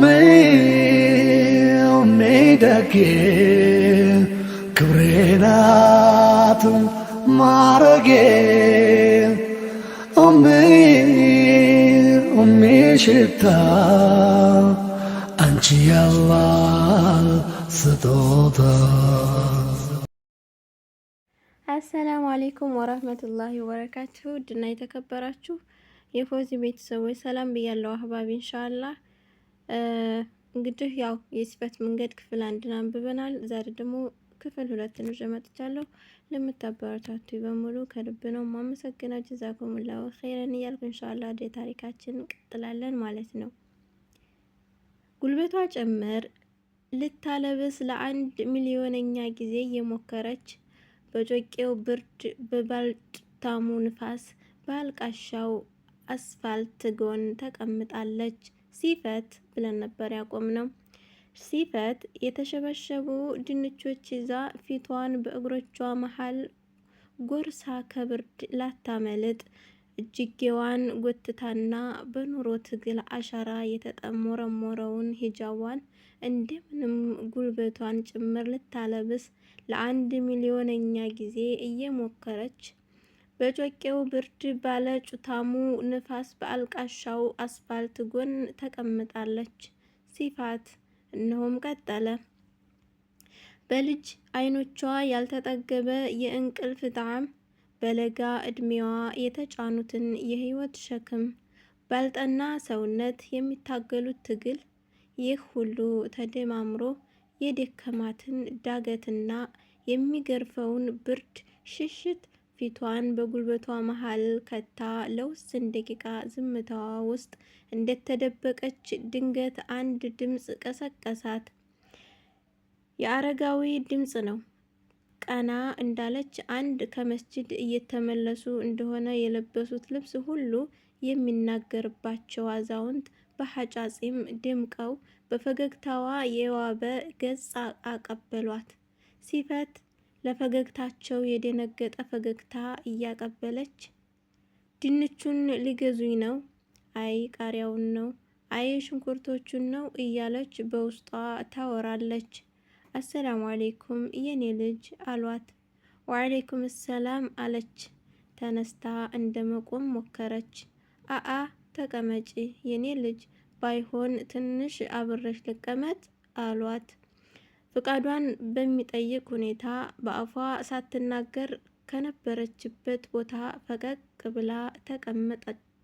ሜሜደጌ ክብሬናት ማረጌ ኦሜ ኦሜ ሽታ አንቺ ያላል ስጦታ አሰላሙ አሌይኩም ወረህመቱላሂ ወበረካቱሁ። ውድና የተከበራችሁ የፎዚ ቤተሰቦች ሰላም ብያለሁ። አህባቢ ኢንሻአላህ እንግዲህ ያው የሲፈት መንገድ ክፍል አንድን አንብበናል። ዛሬ ደግሞ ክፍል ሁለትን ይዤ መጥቻለሁ። ለምታበረታቱ በሙሉ ከልብ ነው ማመሰግናችሁ። ጀዛኩሙላሁ ኸይረን እያልኩ ኢንሻአላህ ወደ ታሪካችን እንቀጥላለን ማለት ነው። ጉልበቷ ጭምር ልታለብስ ለአንድ ሚሊዮነኛ ጊዜ የሞከረች በጮቄው ብርድ በባልታሙ ንፋስ በአልቃሻው አስፋልት ጎን ተቀምጣለች። ሲፈት ብለን ነበር ያቆም ነው። ሲፈት የተሸበሸቡ ድንቾች ይዛ ፊቷን በእግሮቿ መሀል ጎርሳ ከብርድ ላታመልጥ እጅጌዋን ጎትታና በኑሮ ትግል አሻራ የተጠሞረሞረውን ሂጃቧን እንደምንም ጉልበቷን ጭምር ልታለብስ ለአንድ ሚሊዮነኛ ጊዜ እየሞከረች በጮቄው ብርድ ባለ ጩታሙ ንፋስ በአልቃሻው አስፋልት ጎን ተቀምጣለች ሲፋት። እነሆም ቀጠለ። በልጅ አይኖቿ ያልተጠገበ የእንቅልፍ ጣዕም፣ በለጋ እድሜዋ የተጫኑትን የህይወት ሸክም፣ ባልጠና ሰውነት የሚታገሉት ትግል፣ ይህ ሁሉ ተደማምሮ የደከማትን ዳገትና የሚገርፈውን ብርድ ሽሽት ፊቷን በጉልበቷ መሃል ከታ ለውስን ደቂቃ ዝምታዋ ውስጥ እንደተደበቀች ድንገት አንድ ድምፅ ቀሰቀሳት። የአረጋዊ ድምፅ ነው። ቀና እንዳለች አንድ ከመስጂድ እየተመለሱ እንደሆነ የለበሱት ልብስ ሁሉ የሚናገርባቸው አዛውንት በሐጫጺም ደምቀው በፈገግታዋ የዋበ ገጽ አቀበሏት ሲፈት ለፈገግታቸው የደነገጠ ፈገግታ እያቀበለች ድንቹን ሊገዙኝ ነው፣ አይ ቃሪያውን ነው፣ አይ ሽንኩርቶቹን ነው እያለች በውስጧ ታወራለች። አሰላሙ አሌይኩም የኔ ልጅ አሏት። ወአሌይኩም ሰላም አለች። ተነስታ እንደ መቆም ሞከረች። አአ ተቀመጪ የኔ ልጅ፣ ባይሆን ትንሽ አብረሽ ልቀመጥ አሏት። ፍቃዷን በሚጠይቅ ሁኔታ በአፏ ሳትናገር ከነበረችበት ቦታ ፈቀቅ ብላ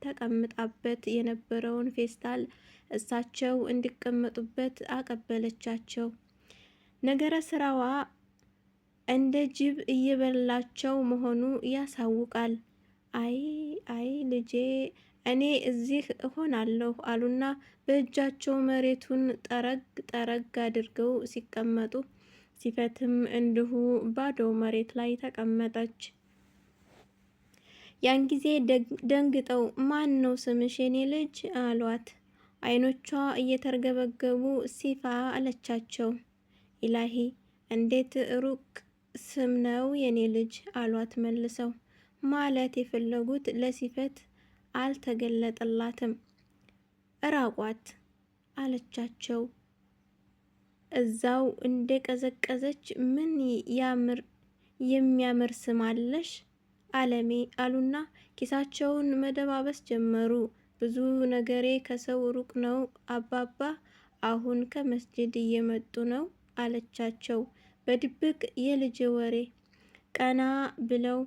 ተቀምጣበት የነበረውን ፌስታል እሳቸው እንዲቀመጡበት አቀበለቻቸው። ነገረ ስራዋ እንደ ጅብ እየበላቸው መሆኑ ያሳውቃል። አይ አይ ልጄ እኔ እዚህ እሆናለሁ አሉና በእጃቸው መሬቱን ጠረግ ጠረግ አድርገው ሲቀመጡ ሲፈትም እንዲሁ ባዶ መሬት ላይ ተቀመጠች። ያን ጊዜ ደንግጠው ማን ነው ስምሽ የኔ ልጅ አሏት። አይኖቿ እየተርገበገቡ ሲፋ አለቻቸው። ኢላሂ እንዴት ሩቅ ስም ነው የኔ ልጅ አሏት መልሰው። ማለት የፈለጉት ለሲፈት አልተገለጠላትም። እራቋት አለቻቸው። እዛው እንደ ቀዘቀዘች ምን ያምር የሚያምር ስም አለሽ አለሜ አሉና ኪሳቸውን መደባበስ ጀመሩ። ብዙ ነገሬ ከሰው ሩቅ ነው አባባ አሁን ከመስጂድ እየመጡ ነው አለቻቸው። በድብቅ የልጅ ወሬ ቀና ብለው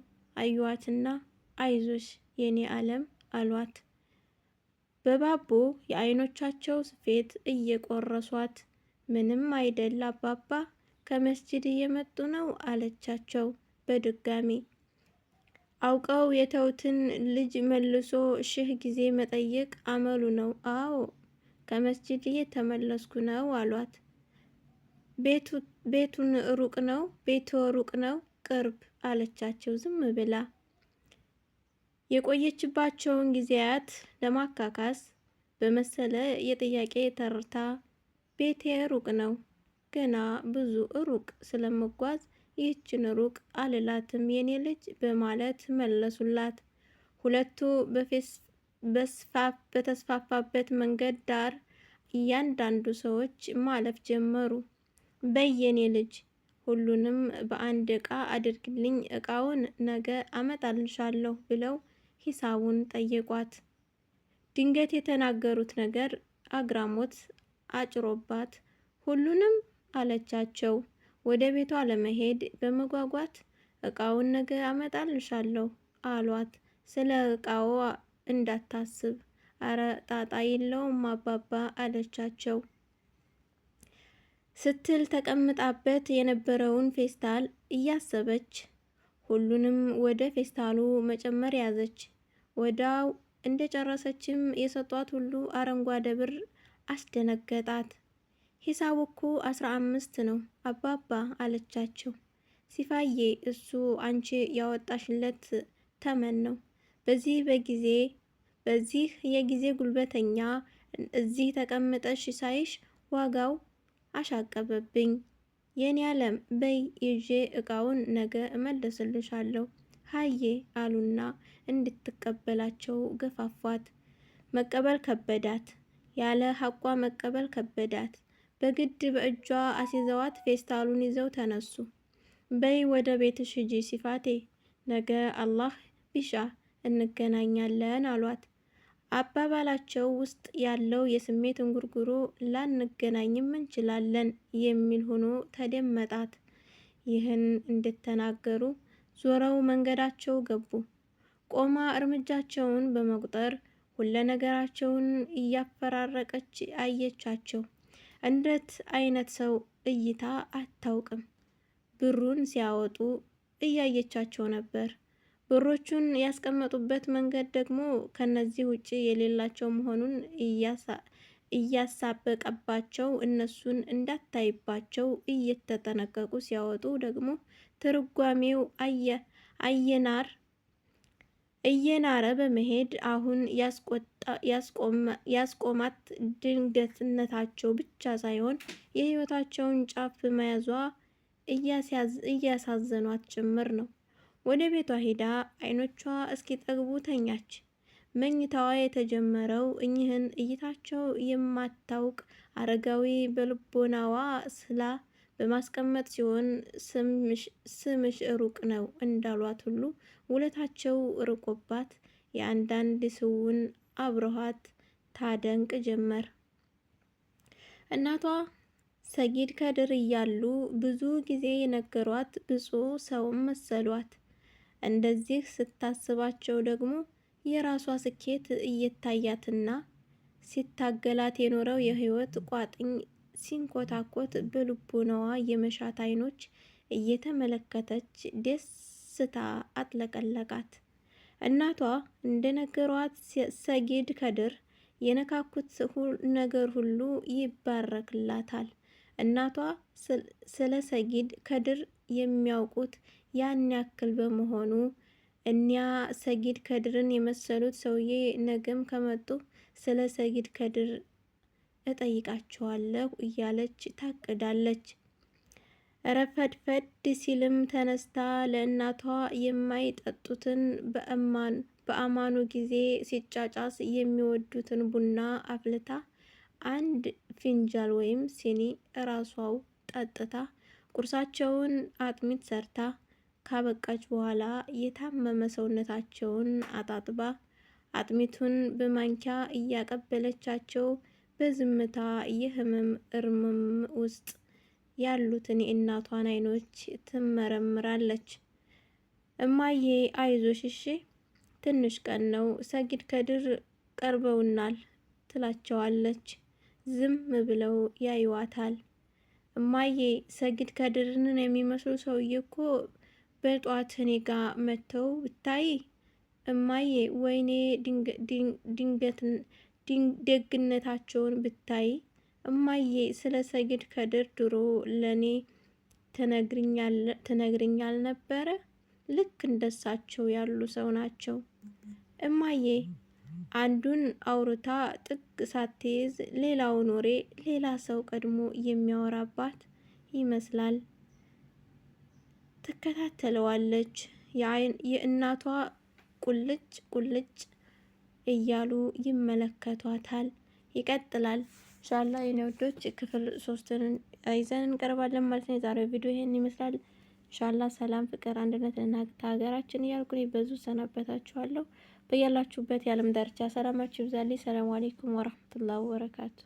አዩዋትና አይዞሽ የኔ አለም! አሏት። በባቦ የአይኖቻቸው ስፌት እየቆረሷት ምንም አይደል አባባ ከመስጅድ እየመጡ ነው አለቻቸው በድጋሚ። አውቀው የተውትን ልጅ መልሶ ሺህ ጊዜ መጠየቅ አመሉ ነው። አዎ ከመስጂድ እየተመለስኩ ነው አሏት። ቤቱን ሩቅ ነው፣ ቤቱ ሩቅ ነው፣ ቅርብ አለቻቸው ዝም ብላ። የቆየችባቸውን ጊዜያት ለማካካስ በመሰለ የጥያቄ ተርታ ቤቴ ሩቅ ነው፣ ገና ብዙ ሩቅ ስለምጓዝ ይህችን ሩቅ አልላትም የኔ ልጅ በማለት መለሱላት። ሁለቱ በተስፋፋበት መንገድ ዳር እያንዳንዱ ሰዎች ማለፍ ጀመሩ። በየኔ ልጅ ሁሉንም በአንድ እቃ አድርግልኝ፣ እቃውን ነገ አመጣልሻለሁ ብለው ሂሳቡን ጠየቋት። ድንገት የተናገሩት ነገር አግራሞት አጭሮባት ሁሉንም አለቻቸው። ወደ ቤቷ ለመሄድ በመጓጓት እቃውን ነገ አመጣልሻለሁ አሏት። ስለ እቃው እንዳታስብ አረ ጣጣ የለውም አባባ አለቻቸው ስትል ተቀምጣበት የነበረውን ፌስታል እያሰበች ሁሉንም ወደ ፌስታሉ መጨመር ያዘች። ወዳው እንደጨረሰችም የሰጧት ሁሉ አረንጓዴ ብር አስደነገጣት። ሂሳቡ እኮ አስራ አምስት ነው አባባ አለቻቸው። ሲፋዬ እሱ አንቺ ያወጣሽለት ተመን ነው። በዚህ በጊዜ በዚህ የጊዜ ጉልበተኛ እዚህ ተቀምጠሽ ሳይሽ ዋጋው አሻቀበብኝ የኔ ዓለም በይ ይዤ እቃውን ነገ አለው። ሀዬ አሉና እንድትቀበላቸው ገፋፏት። መቀበል ከበዳት፣ ያለ ሀቋ መቀበል ከበዳት። በግድ በእጇ አስይዘዋት ፌስታሉን ይዘው ተነሱ። በይ ወደ ቤትሽ ሂጂ ሲፋቴ፣ ነገ አላህ ቢሻ እንገናኛለን አሏት። አባባላቸው ውስጥ ያለው የስሜት እንጉርጉሮ ላንገናኝም እንችላለን የሚል ሆኖ ተደመጣት። ይህን እንደተናገሩ ዞረው መንገዳቸው ገቡ። ቆማ እርምጃቸውን በመቁጠር ሁለ ነገራቸውን እያፈራረቀች አየቻቸው። እንዴት አይነት ሰው እይታ አታውቅም። ብሩን ሲያወጡ እያየቻቸው ነበር። ብሮቹን ያስቀመጡበት መንገድ ደግሞ ከነዚህ ውጪ የሌላቸው መሆኑን እያሳበቀባቸው እነሱን እንዳታይባቸው እየተጠነቀቁ ሲያወጡ ደግሞ ትርጓሜው አየናር እየናረ በመሄድ አሁን ያስቆማት ድንገትነታቸው ብቻ ሳይሆን የህይወታቸውን ጫፍ መያዟ እያሳዘኗት ጭምር ነው። ወደ ቤቷ ሄዳ አይኖቿ እስኪጠግቡ ተኛች። መኝታዋ የተጀመረው እኚህን እይታቸው የማታውቅ አረጋዊ በልቦናዋ ስላ በማስቀመጥ ሲሆን ስምሽ ሩቅ ነው እንዳሏት ሁሉ ውለታቸው ርቆባት የአንዳንድ ስውን አብረኋት ታደንቅ ጀመር። እናቷ ሰጊድ ከድር እያሉ ብዙ ጊዜ የነገሯት ብፁ ሰውም መሰሏት። እንደዚህ ስታስባቸው ደግሞ የራሷ ስኬት እየታያትና ሲታገላት የኖረው የህይወት ቋጥኝ ሲንኮታኮት በልቡናዋ የመሻት አይኖች እየተመለከተች ደስታ አጥለቀለቃት። እናቷ እንደነገሯት ሰጊድ ከድር የነካኩት ነገር ሁሉ ይባረክላታል። እናቷ ስለ ሰጊድ ከድር የሚያውቁት ያን ያክል በመሆኑ እኒያ ሰጊድ ከድርን የመሰሉት ሰውዬ ነገም ከመጡ ስለ ሰጊድ ከድር እጠይቃቸዋለሁ እያለች ታቅዳለች። ረፈድፈድ ሲልም ተነስታ ለእናቷ የማይጠጡትን በአማኑ ጊዜ ሲጫጫስ የሚወዱትን ቡና አፍልታ አንድ ፊንጃል ወይም ሲኒ እራሷው ጠጥታ ቁርሳቸውን አጥሚት ሰርታ ካበቃች በኋላ የታመመ ሰውነታቸውን አጣጥባ አጥሚቱን በማንኪያ እያቀበለቻቸው በዝምታ የህመም እርምም ውስጥ ያሉትን የእናቷን አይኖች ትመረምራለች። እማዬ አይዞሽ እሺ፣ ትንሽ ቀን ነው፣ ሰጊድ ከድር ቀርበውናል ትላቸዋለች። ዝም ብለው ያዩዋታል። እማዬ ሰጊድ ከድርን የሚመስሉ ሰውዬ እኮ በጧት እኔ ጋ መጥተው ብታይ እማዬ ወይኔ ደግነታቸውን ብታይ እማዬ ስለ ሰግድ ከድር ድሮ ለእኔ ትነግርኛል ነበረ። ልክ እንደሳቸው ያሉ ሰው ናቸው እማዬ። አንዱን አውርታ ጥግ ሳትይዝ ሌላውን ወሬ ሌላ ሰው ቀድሞ የሚያወራባት ይመስላል። ትከታተለዋለች። የእናቷ ቁልጭ ቁልጭ እያሉ ይመለከቷታል። ይቀጥላል። ሻላ የኔወዶች ክፍል ሶስትን ይዘን እንቀርባለን ማለት ነው። የዛሬው ቪዲዮ ይሄን ይመስላል። ሻላ ሰላም፣ ፍቅር፣ አንድነት እናግታ ሀገራችን እያልኩኝ በዙ ሰናበታችኋለሁ። በያላችሁበት የዓለም ዳርቻ ሰላማችሁ ይብዛል ሰላም አሌይኩም ወረህመቱላህ ወበረካቱ።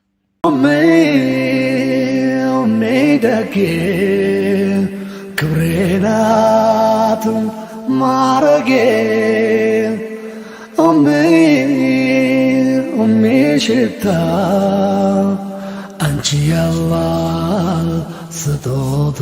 ብናት ማረጌ ኦሚ ኦሚ ሽታ አንቺ ያላህ ስጦታ